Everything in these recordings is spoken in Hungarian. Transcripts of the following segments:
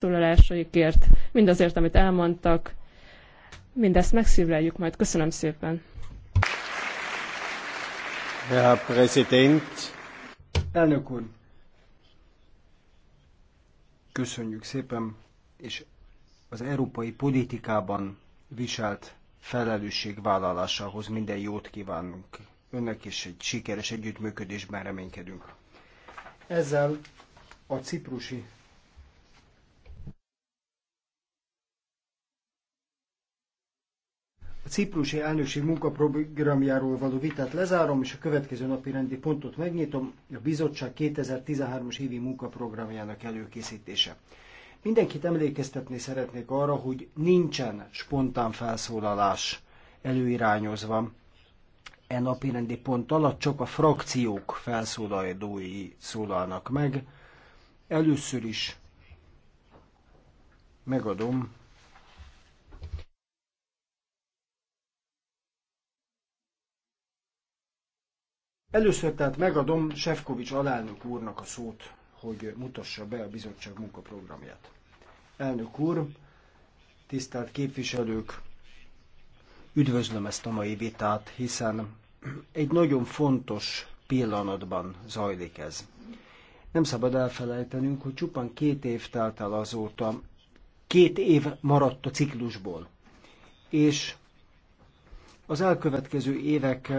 szólalásaikért, mindazért, amit elmondtak. Mindezt megszívleljük majd. Köszönöm szépen. Herr Präsident. Elnök úr. Köszönjük szépen, és az európai politikában viselt felelősség vállalásához minden jót kívánunk. Önnek is egy sikeres együttműködésben reménykedünk. Ezzel a ciprusi A ciprusi elnökség munkaprogramjáról való vitát lezárom, és a következő napi rendi pontot megnyitom, a bizottság 2013-as évi munkaprogramjának előkészítése. Mindenkit emlékeztetni szeretnék arra, hogy nincsen spontán felszólalás előirányozva e napi rendi pont alatt, csak a frakciók felszólalói szólalnak meg. Először is megadom Először tehát megadom Sefkovics alelnök úrnak a szót, hogy mutassa be a bizottság munkaprogramját. Elnök úr, tisztelt képviselők, üdvözlöm ezt a mai vitát, hiszen egy nagyon fontos pillanatban zajlik ez. Nem szabad elfelejtenünk, hogy csupán két év telt el azóta, két év maradt a ciklusból, és az elkövetkező évek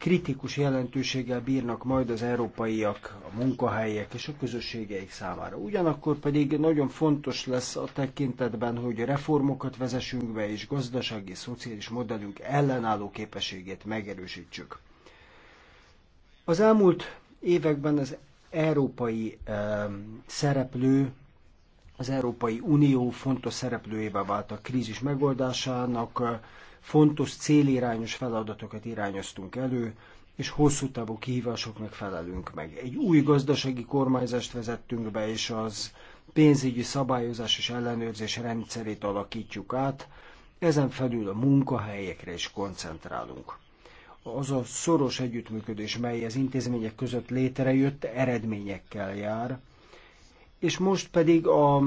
kritikus jelentőséggel bírnak majd az európaiak, a munkahelyek és a közösségeik számára. Ugyanakkor pedig nagyon fontos lesz a tekintetben, hogy reformokat vezessünk be, és gazdasági, szociális modellünk ellenálló képességét megerősítsük. Az elmúlt években az európai eh, szereplő az Európai Unió fontos szereplőjével vált a krízis megoldásának, fontos célirányos feladatokat irányoztunk elő, és hosszú távú kihívásoknak felelünk meg. Egy új gazdasági kormányzást vezettünk be, és az pénzügyi szabályozás és ellenőrzés rendszerét alakítjuk át, ezen felül a munkahelyekre is koncentrálunk. Az a szoros együttműködés, mely az intézmények között létrejött, eredményekkel jár, és most pedig a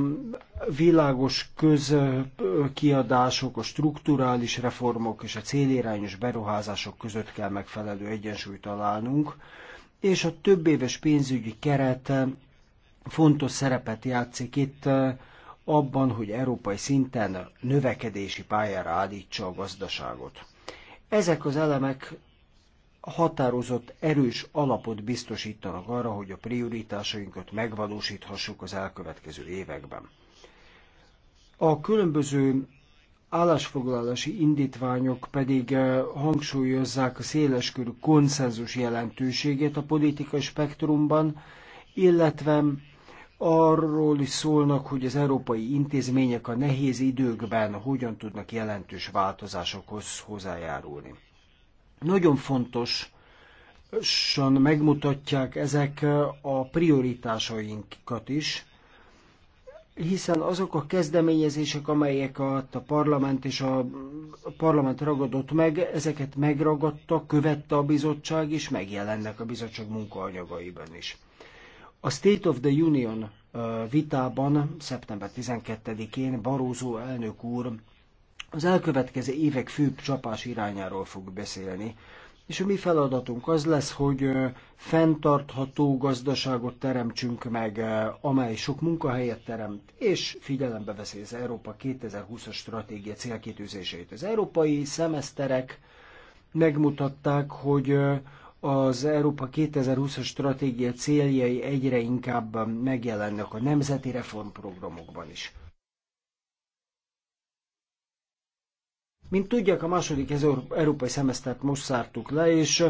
világos közkiadások, a strukturális reformok és a célirányos beruházások között kell megfelelő egyensúlyt találnunk, és a több éves pénzügyi keret fontos szerepet játszik itt eh, abban, hogy európai szinten növekedési pályára állítsa a gazdaságot. Ezek az elemek határozott, erős alapot biztosítanak arra, hogy a prioritásainkat megvalósíthassuk az elkövetkező években. A különböző állásfoglalási indítványok pedig eh, hangsúlyozzák a széleskörű konszenzus jelentőségét a politikai spektrumban, illetve arról is szólnak, hogy az európai intézmények a nehéz időkben hogyan tudnak jelentős változásokhoz hozzájárulni. Nagyon fontos, megmutatják ezek a prioritásainkat is, hiszen azok a kezdeményezések, amelyek a, a parlament és a, a parlament ragadott meg, ezeket megragadta, követte a bizottság, és megjelennek a bizottság munkaanyagaiban is. A State of the Union vitában szeptember 12-én Barózó elnök úr az elkövetkező évek főbb csapás irányáról fog beszélni. És a mi feladatunk az lesz, hogy fenntartható gazdaságot teremtsünk meg, amely sok munkahelyet teremt, és figyelembe veszi az Európa 2020-as stratégia célkitűzéseit. Az európai szemeszterek megmutatták, hogy az Európa 2020-as stratégia céljai egyre inkább megjelennek a nemzeti reformprogramokban is. Mint tudják, a második európai szemesztert most szártuk le, és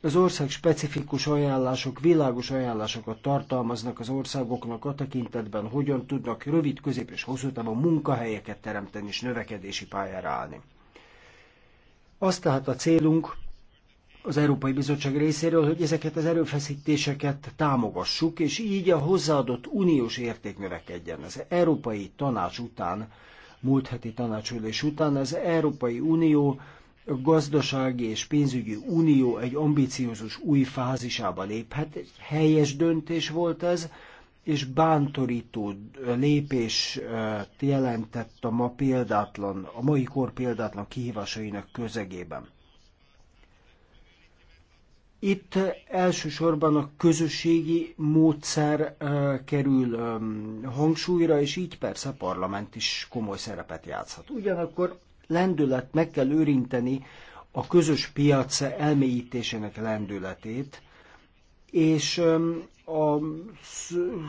az ország specifikus ajánlások, világos ajánlásokat tartalmaznak az országoknak a tekintetben, hogyan tudnak rövid, közép és hosszú távon munkahelyeket teremteni és növekedési pályára állni. Az tehát a célunk az Európai Bizottság részéről, hogy ezeket az erőfeszítéseket támogassuk, és így a hozzáadott uniós érték növekedjen. Az Európai Tanács után múlt heti tanácsülés után. Az Európai Unió a gazdasági és pénzügyi unió egy ambiciózus új fázisába léphet. Egy helyes döntés volt ez, és bántorító lépés jelentett a ma példátlan, a mai kor példátlan kihívásainak közegében. Itt elsősorban a közösségi módszer kerül hangsúlyra, és így persze a parlament is komoly szerepet játszhat. Ugyanakkor lendület meg kell őrinteni a közös piac elmélyítésének lendületét, és a,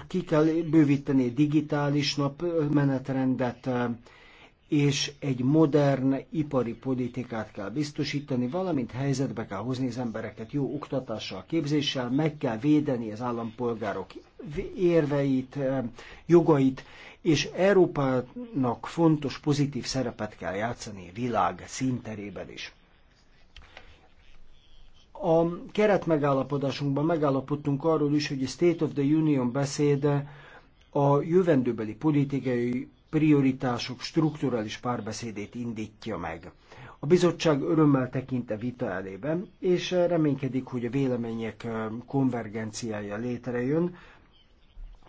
ki kell bővíteni digitális napmenetrendet, és egy modern ipari politikát kell biztosítani, valamint helyzetbe kell hozni az embereket jó oktatással, képzéssel, meg kell védeni az állampolgárok érveit, jogait, és Európának fontos pozitív szerepet kell játszani világ színterében is. A keretmegállapodásunkban megállapodtunk arról is, hogy a State of the Union beszéde a jövendőbeli politikai prioritások strukturális párbeszédét indítja meg. A bizottság örömmel tekint a e vita elében, és reménykedik, hogy a vélemények konvergenciája létrejön.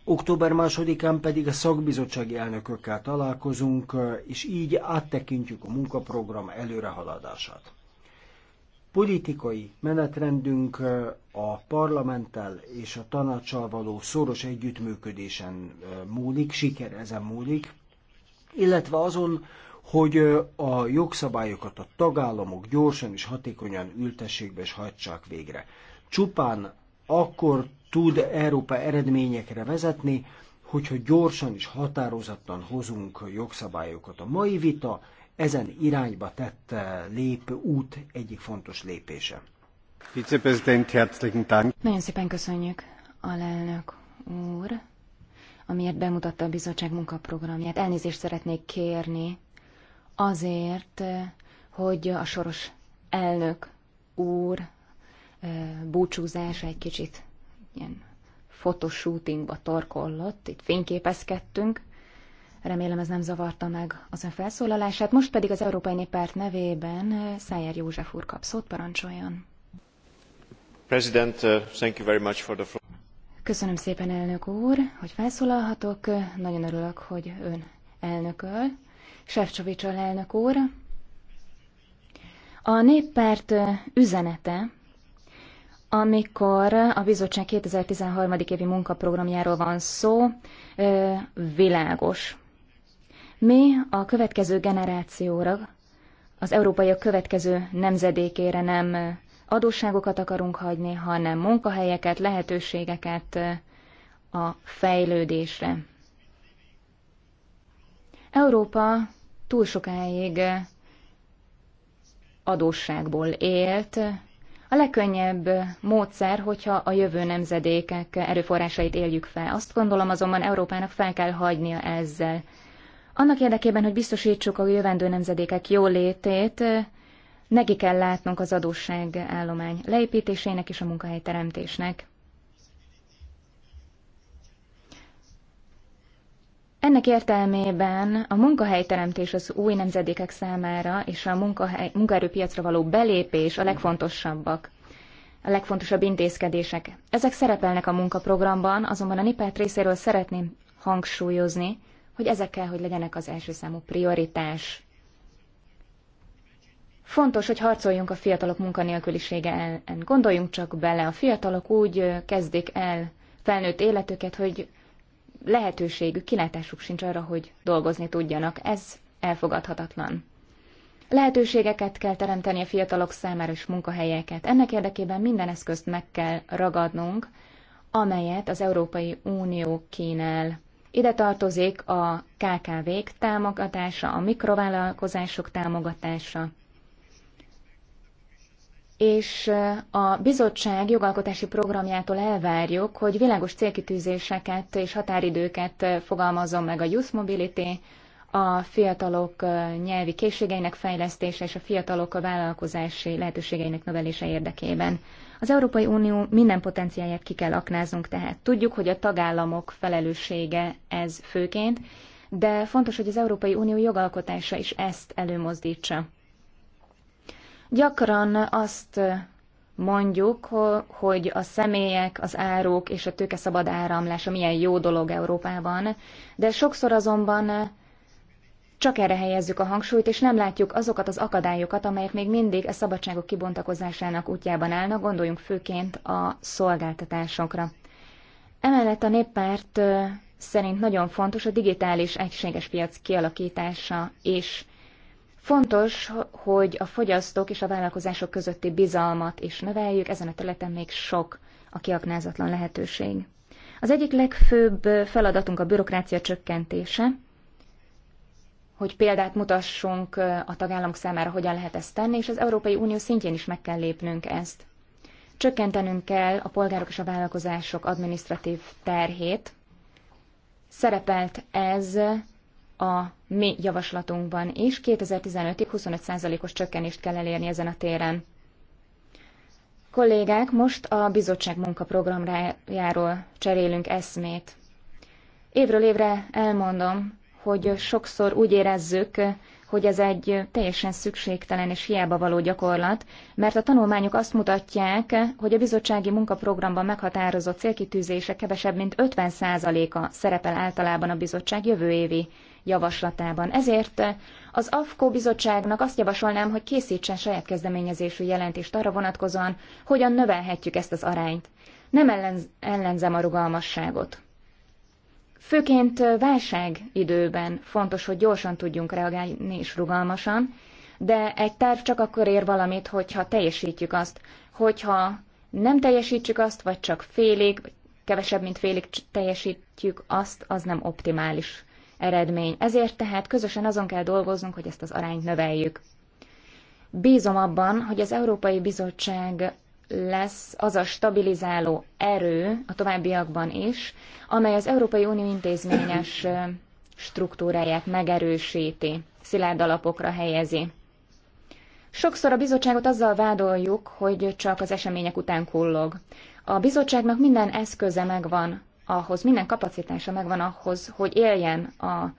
Október másodikán pedig a szakbizottsági elnökökkel találkozunk, és így áttekintjük a munkaprogram előrehaladását. Politikai menetrendünk a parlamenttel és a tanácssal való szoros együttműködésen múlik, siker ezen múlik, illetve azon, hogy a jogszabályokat a tagállamok gyorsan és hatékonyan ültessék be és hajtsák végre. Csupán akkor tud Európa eredményekre vezetni, hogyha gyorsan és határozottan hozunk jogszabályokat. A mai vita ezen irányba tett lép út egyik fontos lépése. Nagyon szépen köszönjük, alelnök úr amiért bemutatta a bizottság munkaprogramját. Elnézést szeretnék kérni azért, hogy a soros elnök úr búcsúzása egy kicsit ilyen fotoshootingba torkollott, itt fényképezkedtünk. Remélem ez nem zavarta meg az ön felszólalását. Most pedig az Európai Néppárt nevében Szájer József úr kap szót, parancsoljon. President, uh, thank you very much for the Köszönöm szépen, elnök úr, hogy felszólalhatok. Nagyon örülök, hogy ön elnököl. Sefcsovics elnök úr. A néppárt üzenete, amikor a bizottság 2013. évi munkaprogramjáról van szó, világos. Mi a következő generációra, az európaiak következő nemzedékére nem adósságokat akarunk hagyni, hanem munkahelyeket, lehetőségeket a fejlődésre. Európa túl sokáig adósságból élt. A legkönnyebb módszer, hogyha a jövő nemzedékek erőforrásait éljük fel. Azt gondolom azonban Európának fel kell hagynia ezzel. Annak érdekében, hogy biztosítsuk a jövendő nemzedékek jólétét, neki kell látnunk az adósság állomány leépítésének és a munkahely teremtésnek. Ennek értelmében a munkahelyteremtés az új nemzedékek számára és a munkahely, munkaerőpiacra való belépés a legfontosabbak, a legfontosabb intézkedések. Ezek szerepelnek a munkaprogramban, azonban a NIPÁT részéről szeretném hangsúlyozni, hogy ezek kell, hogy legyenek az első számú prioritás. Fontos, hogy harcoljunk a fiatalok munkanélkülisége ellen. Gondoljunk csak bele, a fiatalok úgy kezdik el felnőtt életüket, hogy lehetőségük, kilátásuk sincs arra, hogy dolgozni tudjanak. Ez elfogadhatatlan. Lehetőségeket kell teremteni a fiatalok számára és munkahelyeket. Ennek érdekében minden eszközt meg kell ragadnunk, amelyet az Európai Unió kínál. Ide tartozik a KKV-k támogatása, a mikrovállalkozások támogatása, és a bizottság jogalkotási programjától elvárjuk, hogy világos célkitűzéseket és határidőket fogalmazzon meg a Youth Mobility, a fiatalok nyelvi készségeinek fejlesztése és a fiatalok a vállalkozási lehetőségeinek növelése érdekében. Az Európai Unió minden potenciáját ki kell aknáznunk tehát. Tudjuk, hogy a tagállamok felelőssége ez főként, de fontos, hogy az Európai Unió jogalkotása is ezt előmozdítsa. Gyakran azt mondjuk, hogy a személyek, az árok és a tőke szabad áramlása milyen jó dolog Európában, de sokszor azonban csak erre helyezzük a hangsúlyt, és nem látjuk azokat az akadályokat, amelyek még mindig a szabadságok kibontakozásának útjában állnak, gondoljunk főként a szolgáltatásokra. Emellett a néppárt szerint nagyon fontos a digitális egységes piac kialakítása és Fontos, hogy a fogyasztók és a vállalkozások közötti bizalmat is növeljük, ezen a területen még sok a kiaknázatlan lehetőség. Az egyik legfőbb feladatunk a bürokrácia csökkentése, hogy példát mutassunk a tagállamok számára, hogyan lehet ezt tenni, és az Európai Unió szintjén is meg kell lépnünk ezt. Csökkentenünk kell a polgárok és a vállalkozások administratív terhét. Szerepelt ez a mi javaslatunkban is. 2015-ig 25%-os csökkenést kell elérni ezen a téren. Kollégák, most a bizottság munkaprogramjáról cserélünk eszmét. Évről évre elmondom, hogy sokszor úgy érezzük, hogy ez egy teljesen szükségtelen és hiába való gyakorlat, mert a tanulmányok azt mutatják, hogy a bizottsági munkaprogramban meghatározott célkitűzése kevesebb mint 50%-a szerepel általában a bizottság jövő évi javaslatában. Ezért az AFKO bizottságnak azt javasolnám, hogy készítsen saját kezdeményezésű jelentést arra vonatkozóan, hogyan növelhetjük ezt az arányt. Nem ellenz, ellenzem a rugalmasságot. Főként válság időben fontos, hogy gyorsan tudjunk reagálni és rugalmasan, de egy terv csak akkor ér valamit, hogyha teljesítjük azt. Hogyha nem teljesítjük azt, vagy csak félig, vagy kevesebb, mint félig teljesítjük azt, az nem optimális eredmény. Ezért tehát közösen azon kell dolgoznunk, hogy ezt az arányt növeljük. Bízom abban, hogy az Európai Bizottság lesz az a stabilizáló erő a továbbiakban is, amely az Európai Unió intézményes struktúráját megerősíti, szilárd alapokra helyezi. Sokszor a bizottságot azzal vádoljuk, hogy csak az események után kullog. A bizottságnak minden eszköze megvan ahhoz minden kapacitása megvan ahhoz, hogy éljen a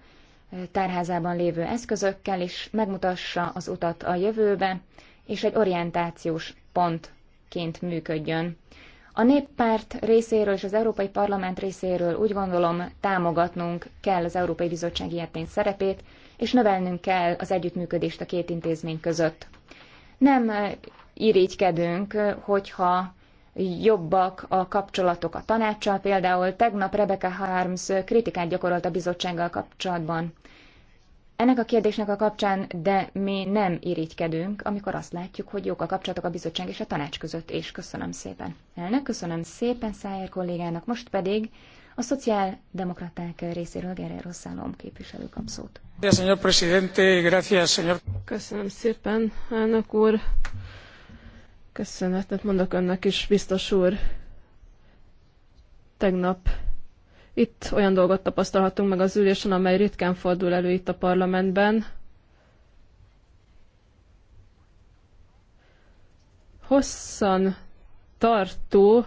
tárházában lévő eszközökkel, és megmutassa az utat a jövőbe, és egy orientációs pontként működjön. A néppárt részéről és az Európai Parlament részéről úgy gondolom támogatnunk kell az Európai Bizottság ilyetén szerepét, és növelnünk kell az együttműködést a két intézmény között. Nem eh, irigykedünk, eh, hogyha jobbak a kapcsolatok a tanácssal. Például tegnap Rebecca Harms kritikát gyakorolt a bizottsággal kapcsolatban. Ennek a kérdésnek a kapcsán, de mi nem irigykedünk, amikor azt látjuk, hogy jók a kapcsolatok a bizottság és a tanács között, és köszönöm szépen. Elnök, köszönöm szépen Szájer kollégának, most pedig a szociáldemokraták részéről Guerrero Rosszálom képviselő kap szót. Köszönöm szépen, elnök úr. Köszönetet mondok önnek is, biztos úr. Tegnap itt olyan dolgot tapasztalhatunk meg az ülésen, amely ritkán fordul elő itt a parlamentben. Hosszan tartó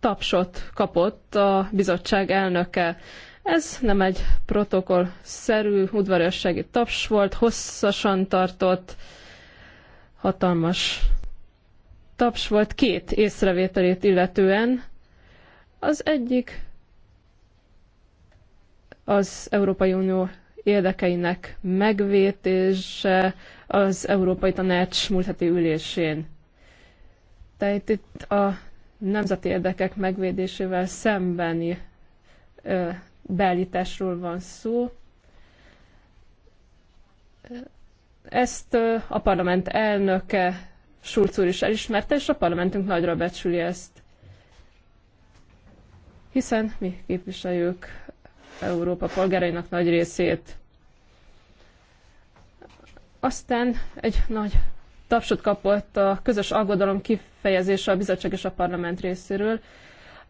tapsot kapott a bizottság elnöke. Ez nem egy protokollszerű udvariassági taps volt, hosszasan tartott, hatalmas taps volt két észrevételét illetően. Az egyik az Európai Unió érdekeinek megvétése az Európai Tanács múlt heti ülésén. Tehát itt a nemzeti érdekek megvédésével szembeni ö, beállításról van szó. Ezt a parlament elnöke Schulz úr is elismerte, és a parlamentünk nagyra becsüli ezt. Hiszen mi képviseljük Európa polgárainak nagy részét. Aztán egy nagy tapsot kapott a közös aggodalom kifejezése a bizottság és a parlament részéről,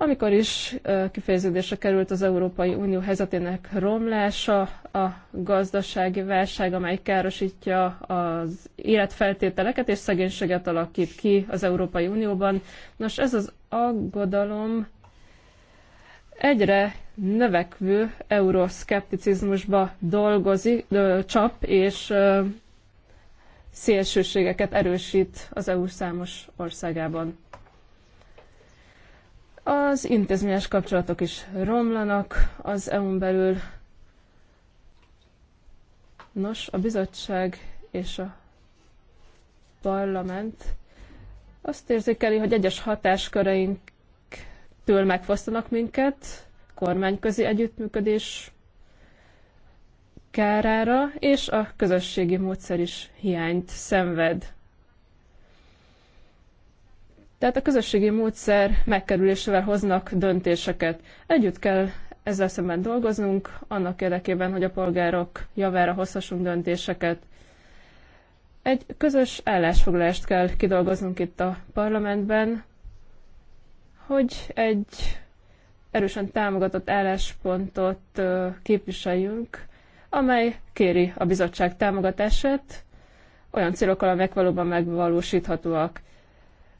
amikor is kifejeződésre került az Európai Unió helyzetének romlása, a gazdasági válság, amely károsítja az életfeltételeket és szegénységet alakít ki az Európai Unióban. Nos, ez az aggodalom egyre növekvő euroszkepticizmusba dolgozik, csap, és szélsőségeket erősít az EU számos országában. Az intézményes kapcsolatok is romlanak az EU-n belül. Nos, a bizottság és a parlament azt érzékeli, hogy egyes hatásköreinktől megfosztanak minket, kormányközi együttműködés kárára, és a közösségi módszer is hiányt szenved. Tehát a közösségi módszer megkerülésével hoznak döntéseket. Együtt kell ezzel szemben dolgoznunk, annak érdekében, hogy a polgárok javára hozhassunk döntéseket. Egy közös állásfoglalást kell kidolgoznunk itt a parlamentben, hogy egy erősen támogatott álláspontot képviseljünk, amely kéri a bizottság támogatását olyan célokkal, amelyek valóban megvalósíthatóak.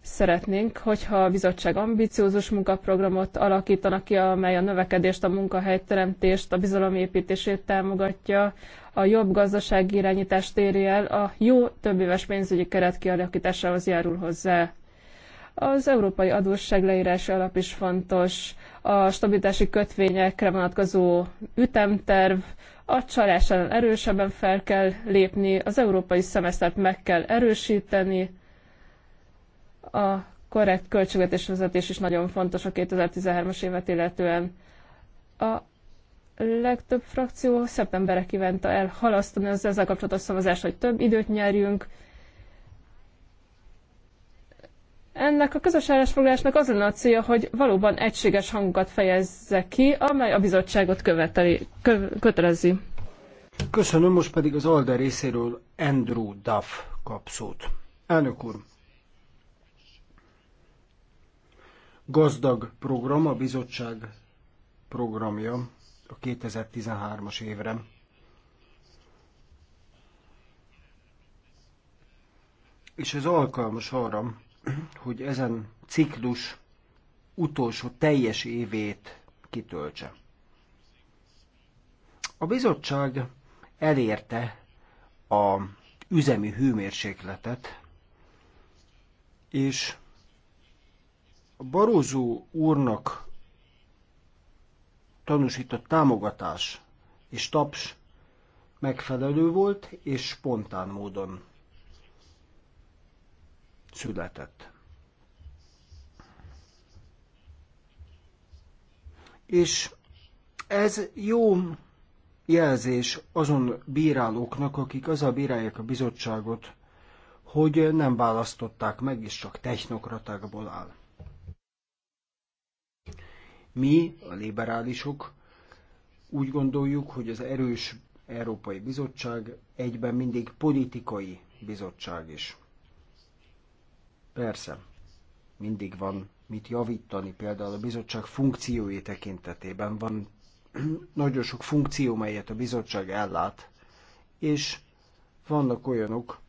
Szeretnénk, hogyha a bizottság ambiciózus munkaprogramot alakítanak ki, amely a növekedést, a munkahelyteremtést, a bizalomépítését támogatja, a jobb gazdasági irányítást éri el, a jó éves pénzügyi keret kialakításához járul hozzá. Az európai adósság leírása alap is fontos, a stabilitási kötvényekre vonatkozó ütemterv, a csalás ellen erősebben fel kell lépni, az európai szemesztert meg kell erősíteni, a korrekt költségvetésvezetés is nagyon fontos a 2013-as évet illetően. A legtöbb frakció szeptemberre kívánta elhalasztani az ezzel kapcsolatos szavazást, hogy több időt nyerjünk. Ennek a közös állásfoglalásnak az lenne a célja, hogy valóban egységes hangokat fejezze ki, amely a bizottságot követeli, kö, kötelezi. Köszönöm, most pedig az ALDE részéről Andrew Duff kapszót. Elnök úr, gazdag program, a bizottság programja a 2013-as évre. És ez alkalmas arra, hogy ezen ciklus utolsó teljes évét kitöltse. A bizottság elérte a üzemi hőmérsékletet, és Barózó úrnak tanúsított támogatás és taps megfelelő volt és spontán módon született. És ez jó jelzés azon bírálóknak, akik az a bírálják a bizottságot, hogy nem választották meg, és csak technokratákból áll. Mi, a liberálisok, úgy gondoljuk, hogy az erős Európai Bizottság egyben mindig politikai bizottság is. Persze, mindig van mit javítani, például a bizottság funkciói tekintetében van nagyon sok funkció, melyet a bizottság ellát, és vannak olyanok,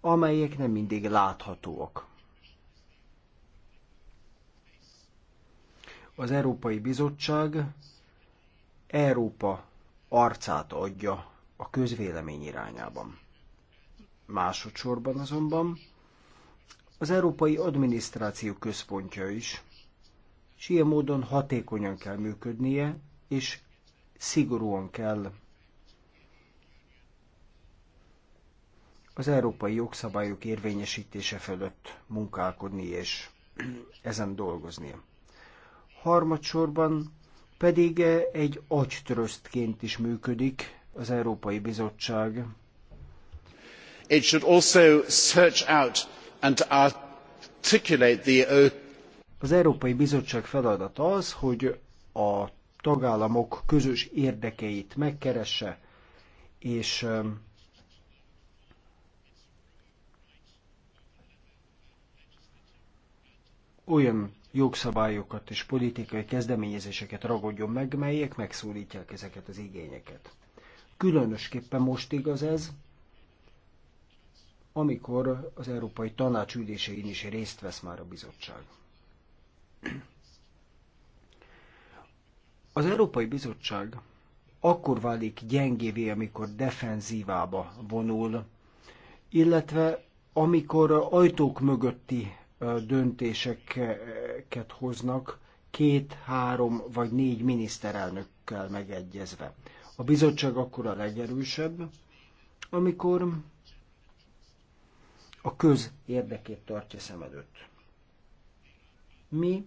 amelyek nem mindig láthatóak. az Európai Bizottság Európa arcát adja a közvélemény irányában. Másodszorban azonban az Európai Adminisztráció központja is, és ilyen módon hatékonyan kell működnie, és szigorúan kell az európai jogszabályok érvényesítése fölött munkálkodni és ezen dolgozni harmadsorban pedig egy agytröztként is működik az Európai Bizottság. It should also search out and articulate the... Uh, az Európai Bizottság feladata az, hogy a tagállamok közös érdekeit megkeresse, és um, olyan jogszabályokat és politikai kezdeményezéseket ragadjon meg, melyek megszólítják ezeket az igényeket. Különösképpen most igaz ez, amikor az Európai Tanács ülésein is részt vesz már a bizottság. Az Európai Bizottság akkor válik gyengévé, amikor defenzívába vonul, illetve amikor ajtók mögötti döntések döntéseket hoznak, két, három vagy négy miniszterelnökkel megegyezve. A bizottság akkor a legerősebb, amikor a köz érdekét tartja szem előtt. Mi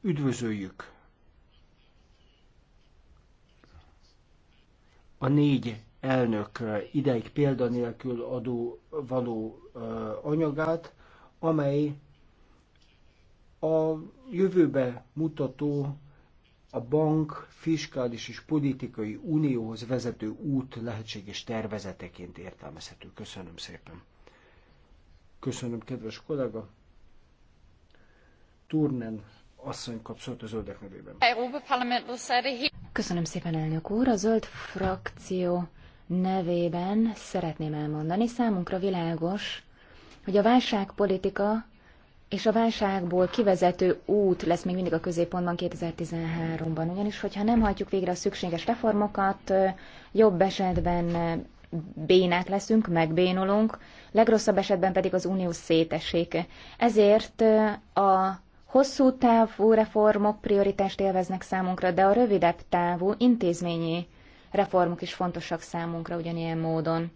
üdvözöljük a négy elnök ideig példanélkül adó való anyagát, amely a jövőbe mutató a bank fiskális és politikai unióhoz vezető út lehetséges tervezeteként értelmezhető. Köszönöm szépen. Köszönöm, kedves kollega. Turnen asszony kap a zöldek nevében. Köszönöm szépen, elnök úr. A zöld frakció nevében szeretném elmondani. Számunkra világos, hogy a válságpolitika és a válságból kivezető út lesz még mindig a középpontban 2013-ban. Ugyanis, hogyha nem hajtjuk végre a szükséges reformokat, jobb esetben bénák leszünk, megbénulunk, legrosszabb esetben pedig az unió szétesik. Ezért a hosszú távú reformok prioritást élveznek számunkra, de a rövidebb távú intézményi reformok is fontosak számunkra ugyanilyen módon.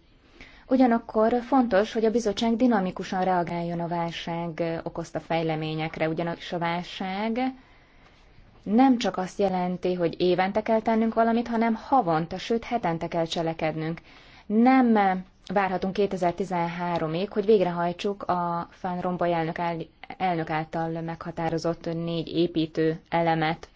Ugyanakkor fontos, hogy a bizottság dinamikusan reagáljon a válság okozta fejleményekre, ugyanis a válság nem csak azt jelenti, hogy évente kell tennünk valamit, hanem havonta, sőt hetente kell cselekednünk. Nem várhatunk 2013-ig, hogy végrehajtsuk a Fán Rompuy elnök, elnök által meghatározott négy építő elemet.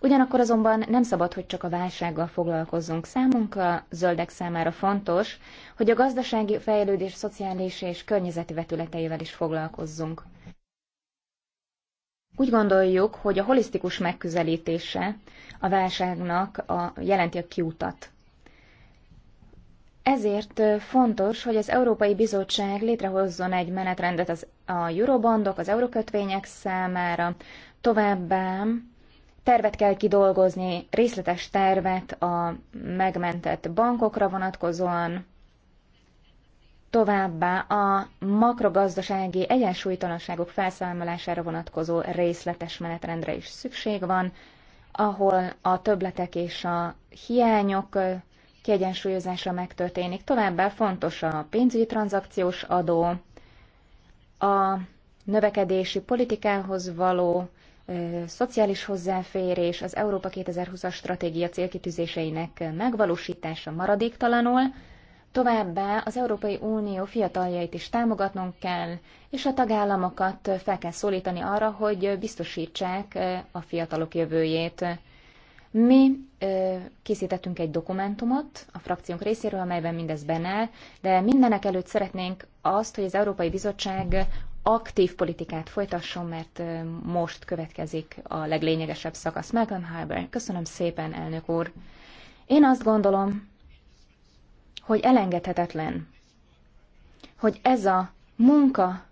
Ugyanakkor azonban nem szabad, hogy csak a válsággal foglalkozzunk. Számunkra, zöldek számára fontos, hogy a gazdasági fejlődés szociális és környezeti vetületeivel is foglalkozzunk. Úgy gondoljuk, hogy a holisztikus megközelítése a válságnak a, jelenti a kiutat. Ezért fontos, hogy az Európai Bizottság létrehozzon egy menetrendet az, a eurobondok, az eurokötvények számára, továbbá tervet kell kidolgozni, részletes tervet a megmentett bankokra vonatkozóan, továbbá a makrogazdasági egyensúlytalanságok felszámolására vonatkozó részletes menetrendre is szükség van, ahol a többletek és a hiányok kiegyensúlyozása megtörténik. Továbbá fontos a pénzügyi tranzakciós adó, a növekedési politikához való szociális hozzáférés, az Európa 2020-as stratégia célkitűzéseinek megvalósítása maradéktalanul, továbbá az Európai Unió fiataljait is támogatnunk kell, és a tagállamokat fel kell szólítani arra, hogy biztosítsák a fiatalok jövőjét. Mi készítettünk egy dokumentumot a frakciónk részéről, amelyben mindez benne de mindenek előtt szeretnénk azt, hogy az Európai Bizottság aktív politikát folytasson, mert most következik a leglényegesebb szakasz. Malcolm Harbour, köszönöm szépen, elnök úr. Én azt gondolom, hogy elengedhetetlen, hogy ez a munka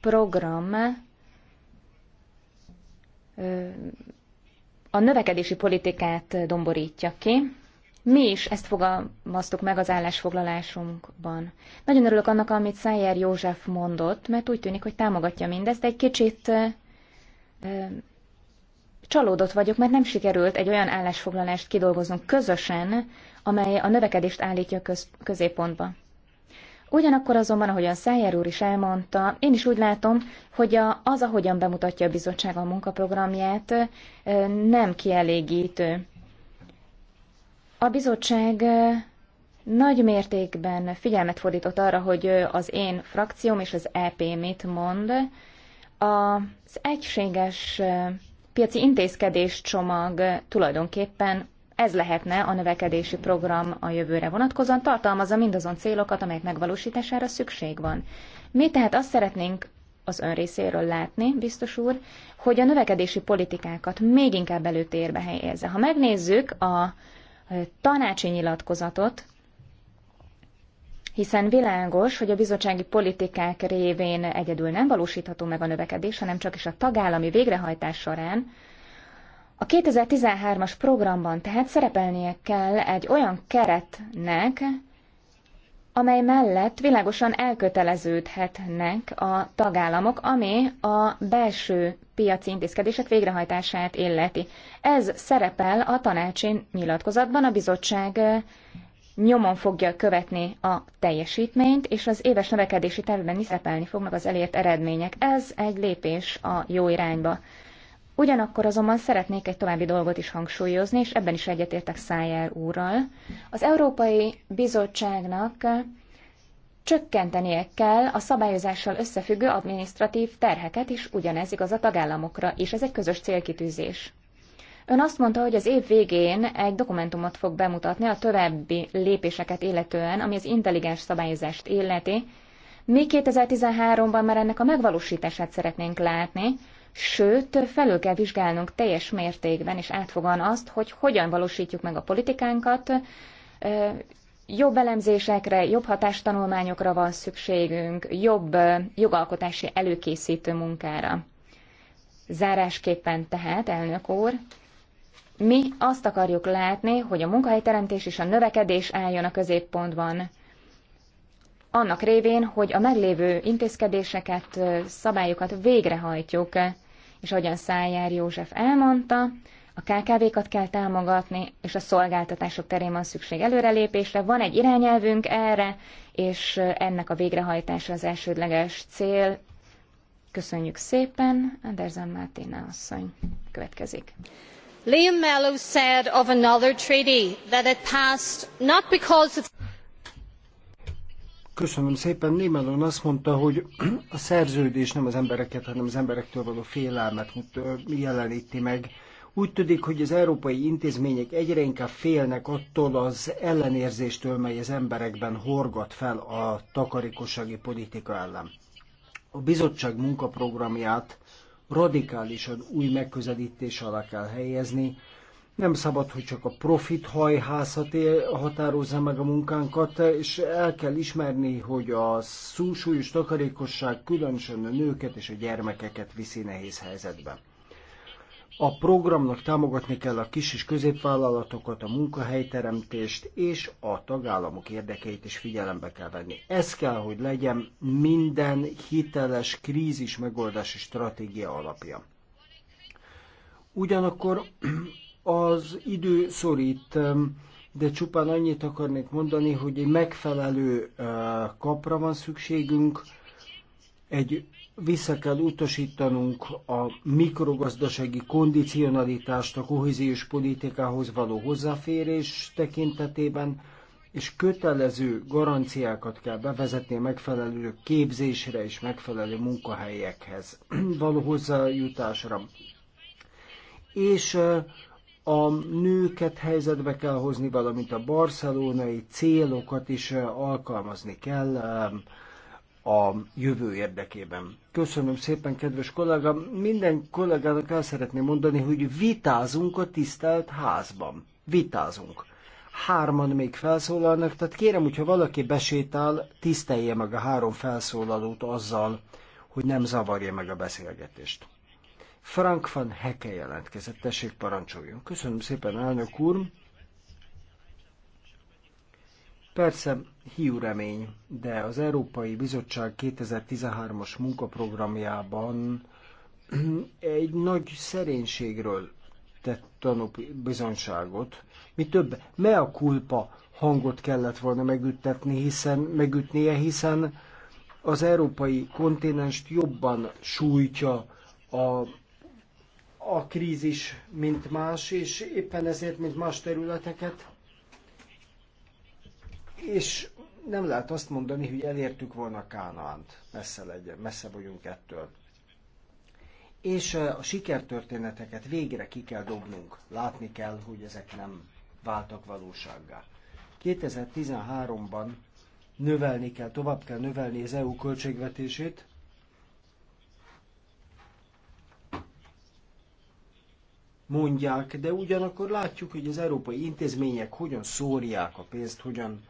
program a növekedési politikát domborítja ki, mi is ezt fogalmaztuk meg az állásfoglalásunkban. Nagyon örülök annak, amit Szájer József mondott, mert úgy tűnik, hogy támogatja mindezt, de egy kicsit ö, csalódott vagyok, mert nem sikerült egy olyan állásfoglalást kidolgoznunk közösen, amely a növekedést állítja köz, középpontba. Ugyanakkor azonban, ahogyan Szájer úr is elmondta, én is úgy látom, hogy a, az, ahogyan bemutatja a bizottság a munkaprogramját, nem kielégítő. A bizottság nagy mértékben figyelmet fordított arra, hogy az én frakcióm és az EP mit mond. Az egységes piaci intézkedés csomag tulajdonképpen ez lehetne a növekedési program a jövőre vonatkozóan, tartalmazza mindazon célokat, amelyek megvalósítására szükség van. Mi tehát azt szeretnénk az ön részéről látni, biztos úr, hogy a növekedési politikákat még inkább előtérbe helyezze. Ha megnézzük a tanácsi nyilatkozatot, hiszen világos, hogy a bizottsági politikák révén egyedül nem valósítható meg a növekedés, hanem csak is a tagállami végrehajtás során. A 2013-as programban tehát szerepelnie kell egy olyan keretnek, amely mellett világosan elköteleződhetnek a tagállamok, ami a belső piaci intézkedések végrehajtását illeti. Ez szerepel a tanácsi nyilatkozatban, a bizottság eh, nyomon fogja követni a teljesítményt, és az éves növekedési tervben is szerepelni fognak az elért eredmények. Ez egy lépés a jó irányba. Ugyanakkor azonban szeretnék egy további dolgot is hangsúlyozni, és ebben is egyetértek Szájer úrral. Az Európai Bizottságnak csökkentenie kell a szabályozással összefüggő adminisztratív terheket, és ugyanez igaz a tagállamokra, és ez egy közös célkitűzés. Ön azt mondta, hogy az év végén egy dokumentumot fog bemutatni a további lépéseket illetően, ami az intelligens szabályozást illeti. Mi 2013-ban már ennek a megvalósítását szeretnénk látni, sőt, felül kell vizsgálnunk teljes mértékben és átfogan azt, hogy hogyan valósítjuk meg a politikánkat, jobb elemzésekre, jobb hatástanulmányokra van szükségünk, jobb jogalkotási előkészítő munkára. Zárásképpen tehát, elnök úr, mi azt akarjuk látni, hogy a munkahelyteremtés és a növekedés álljon a középpontban annak révén, hogy a meglévő intézkedéseket, szabályokat végrehajtjuk. És ahogyan Szájár József elmondta, a KKV-kat kell támogatni, és a szolgáltatások terén van szükség előrelépésre. Van egy irányelvünk erre, és ennek a végrehajtása az elsődleges cél. Köszönjük szépen, Andersen Máténa asszony következik. Liam Mello said of another treaty that it passed not because it's Köszönöm szépen. Némelon azt mondta, hogy a szerződés nem az embereket, hanem az emberektől való félelmet jeleníti meg. Úgy tűnik, hogy az európai intézmények egyre inkább félnek attól az ellenérzéstől, mely az emberekben horgat fel a takarékossági politika ellen. A bizottság munkaprogramját radikálisan új megközelítés alá kell helyezni, nem szabad, hogy csak a profit hajhászat határozza meg a munkánkat, és el kell ismerni, hogy a szúsúlyos takarékosság különösen a nőket és a gyermekeket viszi nehéz helyzetbe. A programnak támogatni kell a kis és középvállalatokat, a munkahelyteremtést és a tagállamok érdekeit is figyelembe kell venni. Ez kell, hogy legyen minden hiteles krízis megoldási stratégia alapja. Ugyanakkor az idő szorít, de csupán annyit akarnék mondani, hogy egy megfelelő kapra van szükségünk, egy vissza kell utasítanunk a mikrogazdasági kondicionalitást a kohéziós politikához való hozzáférés tekintetében, és kötelező garanciákat kell bevezetni a megfelelő képzésre és megfelelő munkahelyekhez való hozzájutásra. És a nőket helyzetbe kell hozni, valamint a barcelonai célokat is eh, alkalmazni kell a jövő érdekében. Köszönöm szépen, kedves kollégám. Minden kollégának el szeretném mondani, hogy vitázunk a tisztelt házban. Vitázunk. Hárman még felszólalnak, tehát kérem, hogyha valaki besétál, tisztelje meg a három felszólalót azzal, hogy nem zavarja meg a beszélgetést. Frank van Heke jelentkezett, tessék parancsoljon. Köszönöm szépen, elnök úr. Persze, hiú remény, de az Európai Bizottság 2013-as munkaprogramjában egy nagy szerénységről tett bizonyságot. Mi több, me a kulpa hangot kellett volna megüttetni, hiszen, megütnie, hiszen az európai kontinens jobban sújtja a a krízis, mint más, és éppen ezért, mint más területeket. És nem lehet azt mondani, hogy elértük volna Kánaánt. Messze, legyen, messze vagyunk ettől. És a sikertörténeteket végre ki kell dobnunk. Látni kell, hogy ezek nem váltak valósággá. 2013-ban növelni kell, tovább kell növelni az EU költségvetését, mondják, de ugyanakkor látjuk, hogy az európai intézmények hogyan szórják a pénzt, hogyan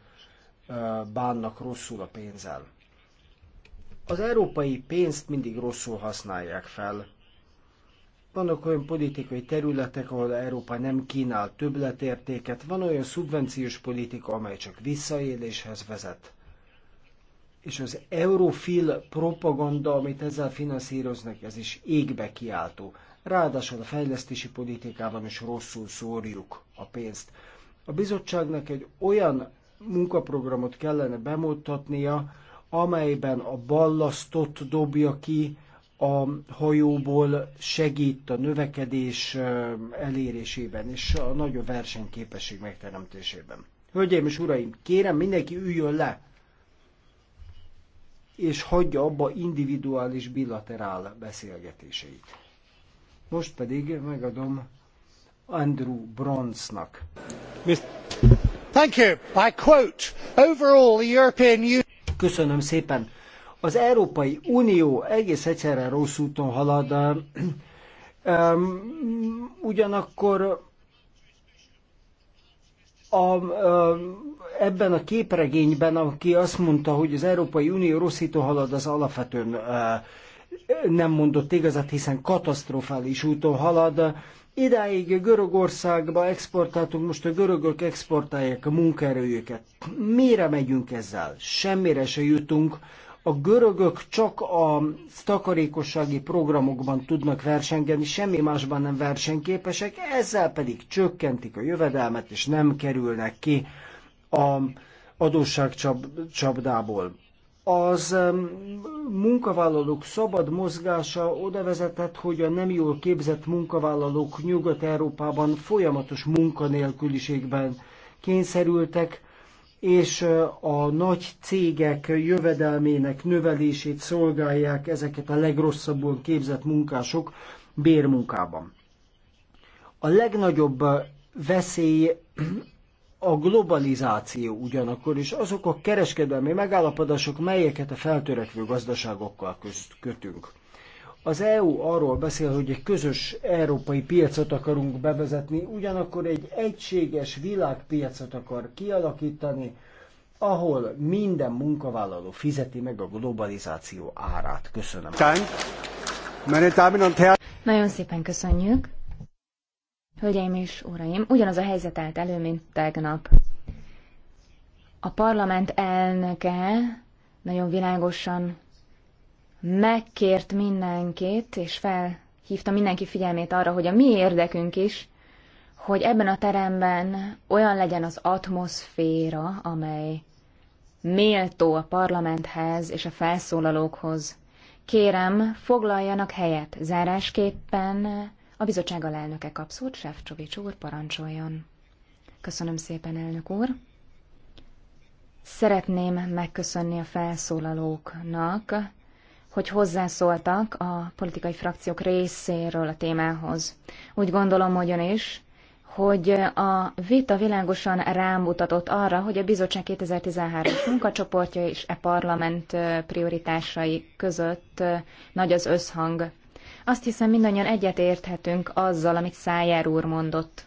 bánnak rosszul a pénzzel. Az európai pénzt mindig rosszul használják fel. Vannak olyan politikai területek, ahol Európa nem kínál többletértéket, van olyan szubvenciós politika, amely csak visszaéléshez vezet. És az eurofil propaganda, amit ezzel finanszíroznak, ez is égbe kiáltó ráadásul a fejlesztési politikában is rosszul szórjuk a pénzt. A bizottságnak egy olyan munkaprogramot kellene bemutatnia, amelyben a ballasztot dobja ki a hajóból, segít a növekedés elérésében és a nagyobb versenyképesség megteremtésében. Hölgyeim és uraim, kérem mindenki üljön le, és hagyja abba individuális bilaterál beszélgetéseit. Most pedig megadom Andrew Bronsnak. Thank you. I quote, overall the European Union... Köszönöm szépen. Az Európai Unió egész egyszerre rossz úton halad. Um, ugyanakkor a, ebben a képregényben, aki azt mondta, hogy az Európai Unió úton halad, az alapvetően nem mondott igazat, hiszen katasztrofális úton halad. Idáig Görögországba exportáltunk, most a görögök exportálják a munkaerőjüket. Mire megyünk ezzel? Semmire se jutunk. A görögök csak a takarékossági programokban tudnak versengeni, semmi másban nem versenyképesek, ezzel pedig csökkentik a jövedelmet, és nem kerülnek ki a adósságcsapdából az munkavállalók szabad mozgása oda vezetett, hogy a nem jól képzett munkavállalók Nyugat-Európában folyamatos munkanélküliségben kényszerültek, és a nagy cégek jövedelmének növelését szolgálják ezeket a legrosszabbul képzett munkások bérmunkában. A legnagyobb veszély a globalizáció ugyanakkor, is azok a kereskedelmi megállapodások, melyeket a feltörekvő gazdaságokkal közt kötünk. Az EU arról beszél, hogy egy közös európai piacot akarunk bevezetni, ugyanakkor egy egységes világpiacot akar kialakítani, ahol minden munkavállaló fizeti meg a globalizáció árát. Köszönöm. Nagyon szépen köszönjük. Hölgyeim és uraim, ugyanaz a helyzet állt elő, mint tegnap. A parlament elnöke nagyon világosan megkért mindenkit, és felhívta mindenki figyelmét arra, hogy a mi érdekünk is, hogy ebben a teremben olyan legyen az atmoszféra, amely méltó a parlamenthez és a felszólalókhoz. Kérem, foglaljanak helyet. Zárásképpen a bizottság alelnöke kap szót, Sefcsovics úr, parancsoljon. Köszönöm szépen, elnök úr. Szeretném megköszönni a felszólalóknak, hogy hozzászóltak a politikai frakciók részéről a témához. Úgy gondolom hogy is, hogy a vita világosan rámutatott arra, hogy a bizottság 2013-as munkacsoportja és e parlament prioritásai között nagy az összhang. Azt hiszem mindannyian egyet érthetünk azzal, amit Szájár úr mondott.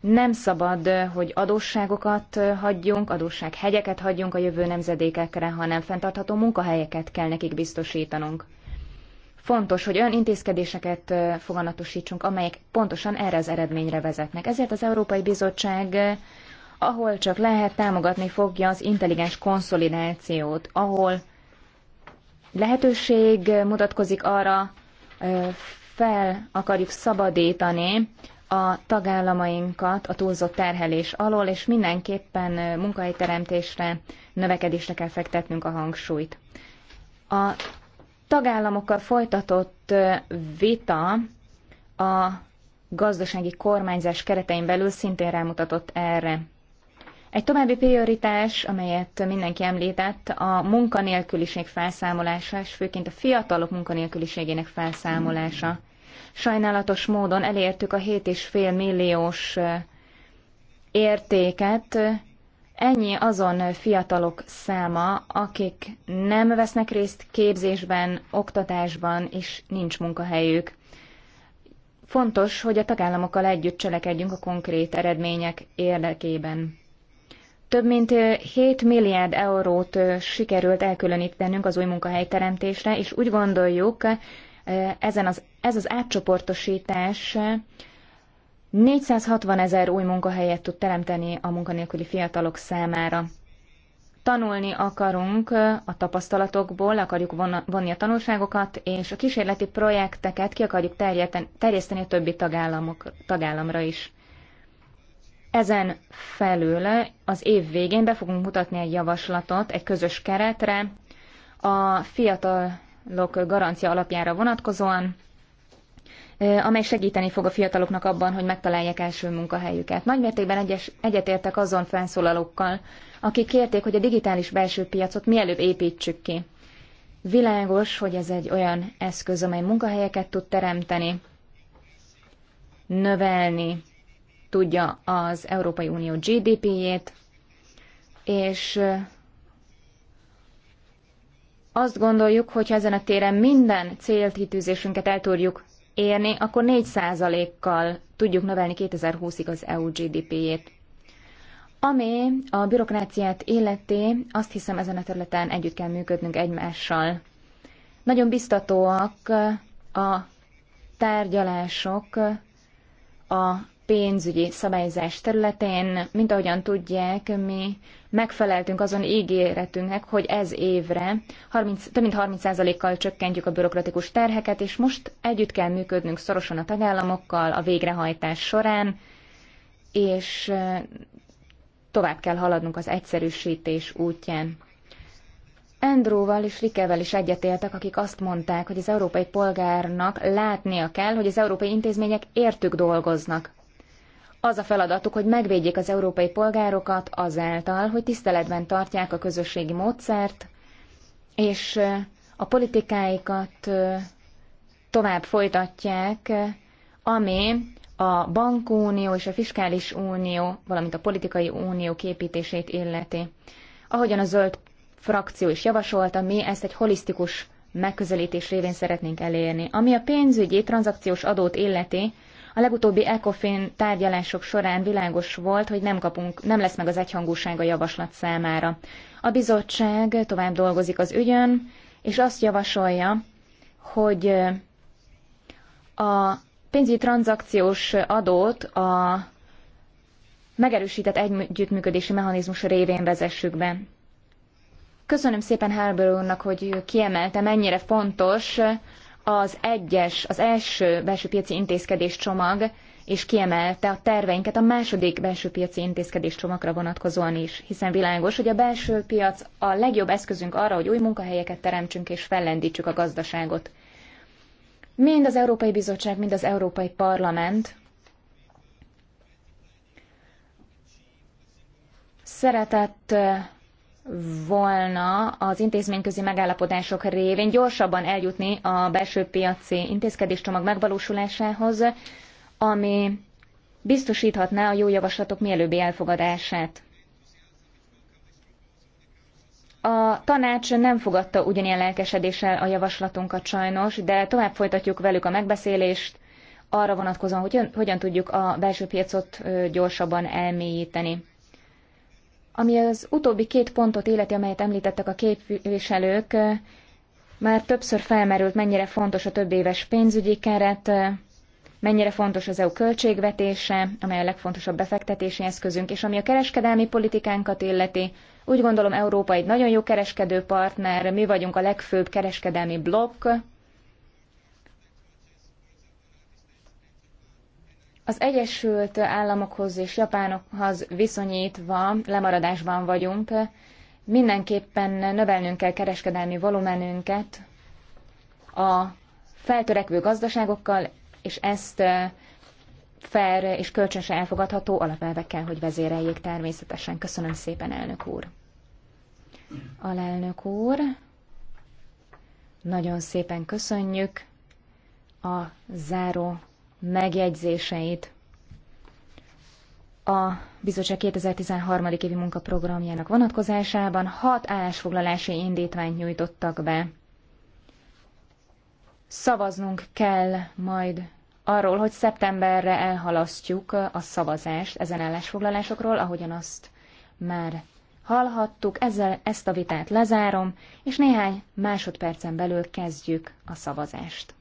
Nem szabad, hogy adósságokat hagyjunk, adóssághegyeket hagyjunk a jövő nemzedékekre, hanem fenntartható munkahelyeket kell nekik biztosítanunk. Fontos, hogy olyan intézkedéseket foganatosítsunk, amelyek pontosan erre az eredményre vezetnek. Ezért az Európai Bizottság ahol csak lehet támogatni fogja az intelligens konszolidációt, ahol lehetőség mutatkozik arra, fel akarjuk szabadítani a tagállamainkat a túlzott terhelés alól, és mindenképpen munkahelyteremtésre, növekedésre kell fektetnünk a hangsúlyt. A tagállamokkal folytatott vita a gazdasági kormányzás keretein belül szintén rámutatott erre. Egy további prioritás, amelyet mindenki említett, a munkanélküliség felszámolása, és főként a fiatalok munkanélküliségének felszámolása. Sajnálatos módon elértük a 7,5 milliós értéket, ennyi azon fiatalok száma, akik nem vesznek részt képzésben, oktatásban, és nincs munkahelyük. Fontos, hogy a tagállamokkal együtt cselekedjünk a konkrét eredmények érdekében. Több mint 7 milliárd eurót sikerült elkülönítenünk az új munkahelyteremtésre, és úgy gondoljuk, ezen az, ez az átcsoportosítás 460 ezer új munkahelyet tud teremteni a munkanélküli fiatalok számára. Tanulni akarunk a tapasztalatokból, akarjuk vonni a tanulságokat, és a kísérleti projekteket ki akarjuk terjeszteni a többi tagállamok, tagállamra is. Ezen felül az év végén be fogunk mutatni egy javaslatot egy közös keretre a fiatalok garancia alapjára vonatkozóan, amely segíteni fog a fiataloknak abban, hogy megtalálják első munkahelyüket. Nagymértékben egyes, egyetértek azon felszólalókkal, akik kérték, hogy a digitális belső piacot mielőbb építsük ki. Világos, hogy ez egy olyan eszköz, amely munkahelyeket tud teremteni, növelni tudja az Európai Unió GDP-jét, és azt gondoljuk, hogy ha ezen a téren minden célkitűzésünket el tudjuk érni, akkor 4%-kal tudjuk növelni 2020-ig az EU GDP-jét. Ami a bürokráciát illeti, azt hiszem ezen a területen együtt kell működnünk egymással. Nagyon biztatóak a tárgyalások a pénzügyi szabályozás területén, mint ahogyan tudják, mi megfeleltünk azon ígéretünknek, hogy ez évre 30, több mint 30%-kal csökkentjük a bürokratikus terheket, és most együtt kell működnünk szorosan a tagállamokkal a végrehajtás során, és tovább kell haladnunk az egyszerűsítés útján. Andrewval és Rikevel is egyetértek, akik azt mondták, hogy az európai polgárnak látnia kell, hogy az európai intézmények értük dolgoznak az a feladatuk, hogy megvédjék az európai polgárokat azáltal, hogy tiszteletben tartják a közösségi módszert, és a politikáikat tovább folytatják, ami a bankunió és a fiskális unió, valamint a politikai unió képítését illeti. Ahogyan a zöld frakció is javasolta, mi ezt egy holisztikus megközelítés révén szeretnénk elérni. Ami a pénzügyi tranzakciós adót illeti, a legutóbbi ECOFIN tárgyalások során világos volt, hogy nem, kapunk, nem lesz meg az egyhangúság a javaslat számára. A bizottság tovább dolgozik az ügyön, és azt javasolja, hogy a pénzügyi tranzakciós adót a megerősített együttműködési mechanizmus révén vezessük be. Köszönöm szépen Harbour úrnak, hogy kiemelte, mennyire fontos az egyes, az első belső piaci intézkedés csomag, és kiemelte a terveinket a második belső piaci intézkedés csomagra vonatkozóan is, hiszen világos, hogy a belső piac a legjobb eszközünk arra, hogy új munkahelyeket teremtsünk és fellendítsük a gazdaságot. Mind az Európai Bizottság, mind az Európai Parlament szeretett volna az intézményközi megállapodások révén gyorsabban eljutni a belső piaci intézkedéscsomag megvalósulásához, ami biztosíthatná a jó javaslatok mielőbbi elfogadását. A tanács nem fogadta ugyanilyen lelkesedéssel a javaslatunkat sajnos, de tovább folytatjuk velük a megbeszélést, arra vonatkozóan, hogy hogyan tudjuk a belső piacot gyorsabban elmélyíteni. Ami az utóbbi két pontot életi, amelyet említettek a képviselők, már többször felmerült, mennyire fontos a több éves pénzügyi keret, mennyire fontos az EU költségvetése, amely a legfontosabb befektetési eszközünk, és ami a kereskedelmi politikánkat illeti, úgy gondolom Európa egy nagyon jó kereskedőpartner, mi vagyunk a legfőbb kereskedelmi blokk, Az Egyesült Államokhoz és Japánokhoz viszonyítva lemaradásban vagyunk. Mindenképpen növelnünk kell kereskedelmi volumenünket a feltörekvő gazdaságokkal, és ezt fair és kölcsönösen elfogadható alapelvekkel, hogy vezéreljék természetesen. Köszönöm szépen, elnök úr. Alelnök úr, nagyon szépen köszönjük a záró megjegyzéseit a bizottság 2013. évi munkaprogramjának vonatkozásában hat állásfoglalási indítványt nyújtottak be. Szavaznunk kell majd arról, hogy szeptemberre elhalasztjuk a szavazást ezen állásfoglalásokról, ahogyan azt már hallhattuk. Ezzel ezt a vitát lezárom, és néhány másodpercen belül kezdjük a szavazást.